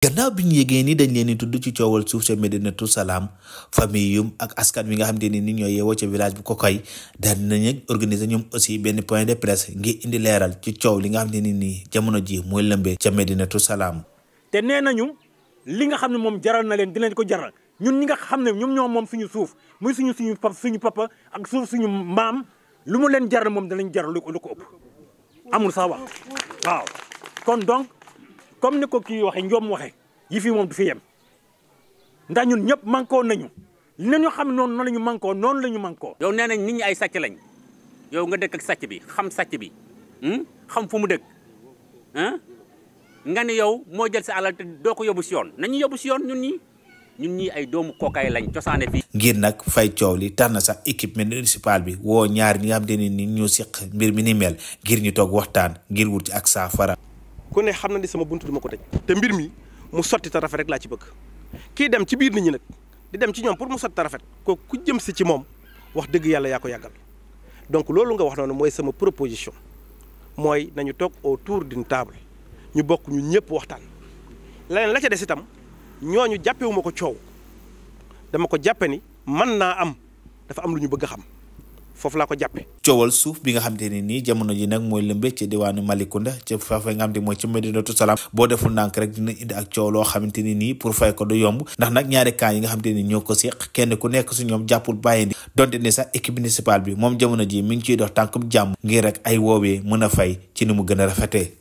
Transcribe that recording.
gannaaw bi ñu yégee dañ leen di tudd ci coowal suuf ca Medinatu Salaam famille yum ak askan wi nga xam te ni ni ñoo yeewoo ca village bu Kokoy daal dinañu organiser ñoom aussi benn point de presse ngir indi leeral ci coow li nga xam te ni nii jamono ji mooy lëmbee ca Medinatu Salaam te nee ñu li nga xam ne moom jaral na leen dinañ ko jaral ñun ñi nga xam ne ñoom ñoo moom suñu suuf muy suñu suñu pap suñu papa ak suuf suñu maam lu mu leen jaral moom danañ jaral lu ko ëpp amul sax wax comme ni ko kii waxee njoom waxee yi fii moom du fi yem ndax ñun ñëpp mànkoo nañu li ñu xam noonu noonu la ñu mànkoo noonu la ñu mànkoo yow nee nañ nit ñi ay sàcc lañ yow nga dëkk ak sàcc bi xam sàcc bi hmm? xam fu mu dëkk hmm? nga ne yow moo jël sa alal te doo ko yóbbu si yoon nañu yóbbu si yoon ñun ñi ñun ñi ay doomu kookaay lañ cosaane fii. ngir nag fay coow li tax na sax équipe municipale bi woo ñaar ñi am di te ne siq mbir mi ni mel ngir ñu toog waxtaan ngir wut ci ak saafara. ku ne xam na ni sama buntu duma ko tëj te mbir mi mu sotti ta rafet rek laa ci bëgg kii dem ci biir nit ñi nag di dem ci ñoom pour mu sotti ta rafet kooku ku jëm si ci moom wax dëgg yàlla yaa ko yàggal donc loolu nga wax noonu mooy sama proposition mooy nañu toog autour d'une table ñu bokk ñu ñëpp waxtaan leneen la ca des itam ñooñu jàppewuma ko coow dama ko jàppe ni man naa am dafa am lu ñu bëgg a xam foofu laa ko jàppe coowal suuf bi nga xam te ne nii jamono ji nag mooy lëmbe ci diwaanu Malicounda ca faafee nga xam te mooy ci Medinatu Salaam boo deful ndànk rek dina indi ak coow loo xamante ni nii pour fay ko du yomb ndax nag ñaari kaa yi nga xam te ni ñoo ko séq kenn ku nekk su ñoom jàppul bàyyindi donte ni sax équipe municipale bi moom jamono ji mi ngi ciy dox tànkum jàmm ngir rek ay woowee mën a fay ci ni mu gën a rafetee